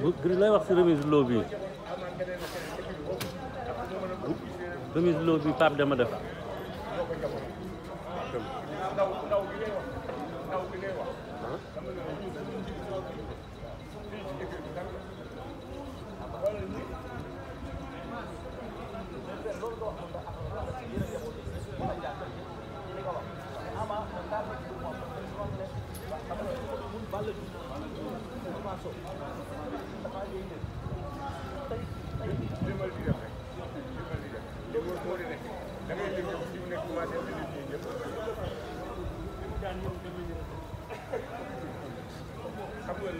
Gris lay wax si remise loo bi remise loo bi Pape dama def Thank you.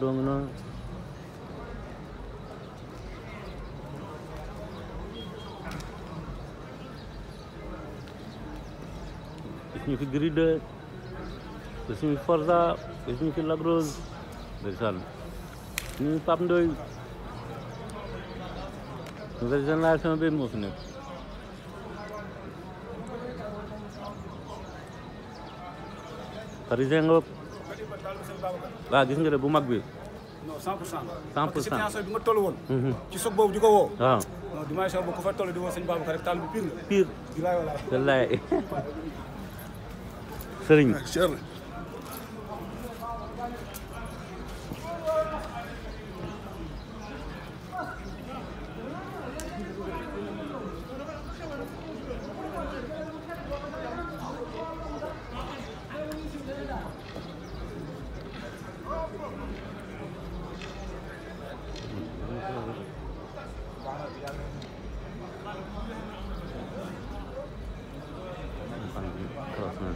Domino's इसमें फिर grid है इसमें फिर फर्जा इसमें फिर लग लबरोज दर्शन पापडोई दर्शन लाए समय भी मौसम है फरीजेंगो waaw gis nga bu mag bi. non 100 pour cent. 100 pour cent parce que bi nga toll woon. Mhm. ci soog boobu di ko woo. waaw non dimension boobu ku fa toll di woo sëñ Babacar rek taal bi pire la. pire. di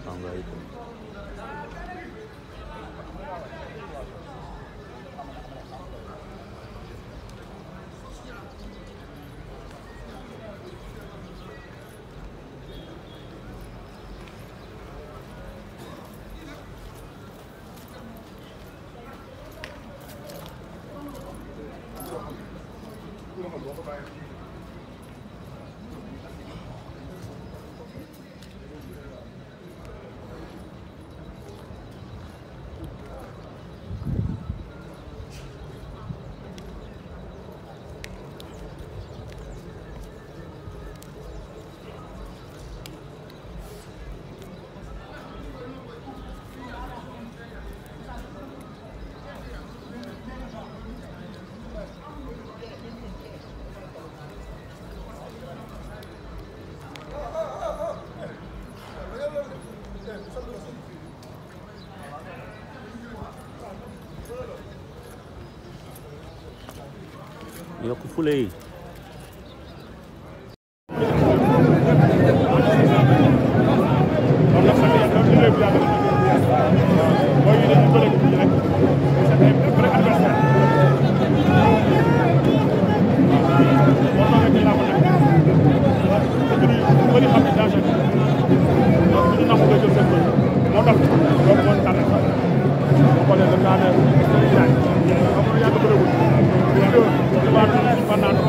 Vatandaşlık. E eu que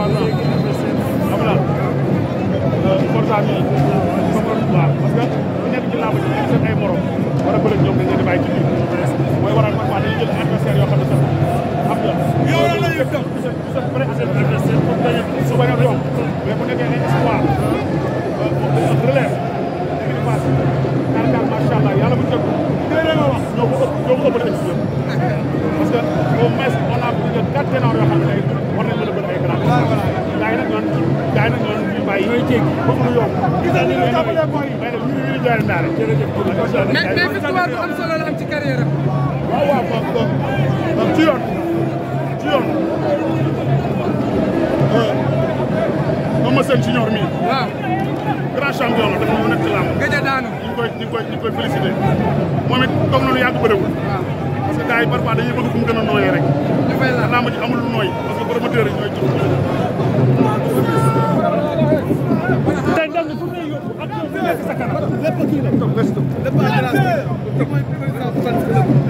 parce que ku nekk ci làmb ci ay morom war a bëri ñoom dañ leen di mais mais victoire bu solo la am ci carrière am. waaw waaw moom moom moom ci yoon mi. grand champion la dafa nekk ci làmb. gëj a daanu ñu koy ñu koy ñu koy félicité lu yàgg bëriwul. waaw parce que gars dañuy bëgg gën a nooyee rek. dafay la làmb ji amul lu nooy ñooy jox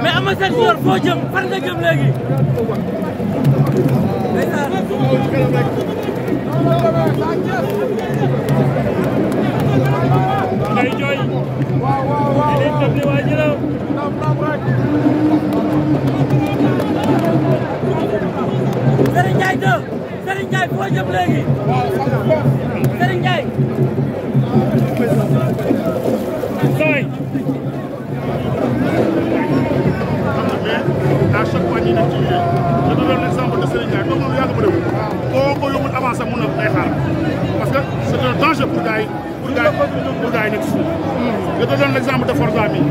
mais Ama Sène Junior foo jëm fan nga jëm léegi. ngay jooy. di leen jëm ne waa Jalaw. Serigne Ndiaye 2 Serigne Ndiaye foo jëm léegi. à chaque fois ñuy def ci liggéey je donne l'exemple de Serigne Ndiaye loolu yàgg bëriwul boo ko yóbbul avance am mun na day xaar parce que c' est un danger pour gars yi pour gars yi pour gars yi nekk suuf je te donne l'exemple de Forza mi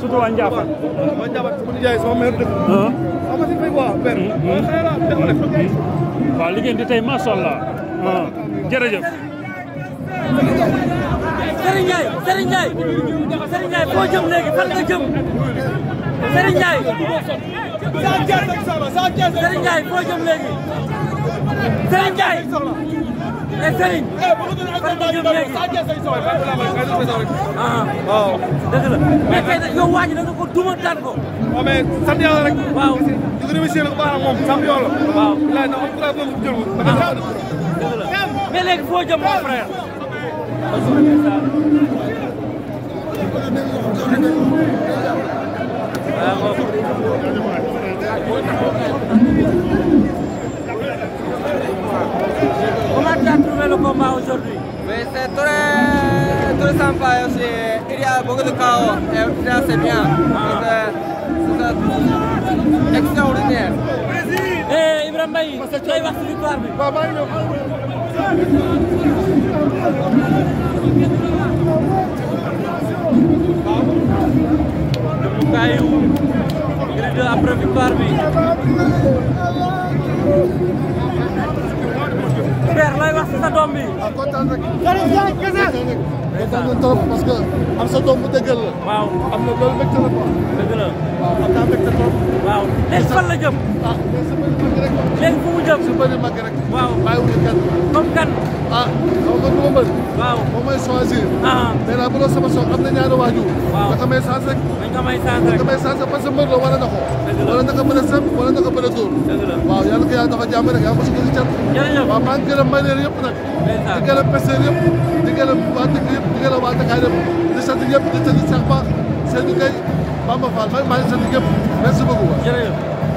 surtout waa Ndiaffate. waa Ndiaffate sama nijaay sama mère dëkk. ah ma si fay quoi père. waaw li ngeen di tey macha allah. Ah, jërëjëf. Serigne Ndiaye Serigne Ndiaye Serigne Ndiaye foo jëm léegi fan nga jëm Serigne Ndiaye Serigne Ndiaye foo jëm léegi Serigne Ndiaye et Serigne fan nga jëm léegi ah waaw dëgg la mais tey yow waa ji da nga ko duma daan ko. waaw mais sant yàlla rek. waaw di ko remercier nag bu baax ak moom sant yàlla. waaw laaj na am courage boobu jël ko. Ah, dëgg la mais léegi foo jëm mon frère. Comment tu as trouvé le combat aujourd'hui C'est très, très sympa aussi. Il y a beaucoup de chaos et là c'est bien. C'est extraordinaire. Hey, eh, Ibrahim Bailly, tu as eu la victoire. Gayu, grande a Pravi Parvi. père lay wax sa doom bi. waaw ah, kontaan rek. kontaan na trop parce que am sa doom bu dëggal la. waaw am na loolu mbégte la quoi. dëgg la waaw am naa mbégte trop. waaw léegi fan la jëm. ah mais su bëri mag rek. léegi fu mu jëm su bëri mag rek. waaw bàyyiwuñu kenn. comme kan. ah xam nga lu ma mën. waaw moom mooy choisir. Ah. mais nag bu doon sama soxla am na ñaari waajur. waaw nga xamay chance rek. nga may chance rek nga may chance parce que mbër la wala na ko. wala na ko mën a sëb wala na ko mën a dóor. dëgg la waaw yàlla ko yàlla dafa jàmm rek yaa ma si gën a cat. jërëjëf waaw maa ngi gërëm maneer yëpp nag di gërëm pêcheurs yëpp di waa dëkk yëpp di gërëm waa Dakar yëpp di sant ñëpp di sant Cheikh Ba Seydou Gueye maa ngi sant ñëpp merci beaucoup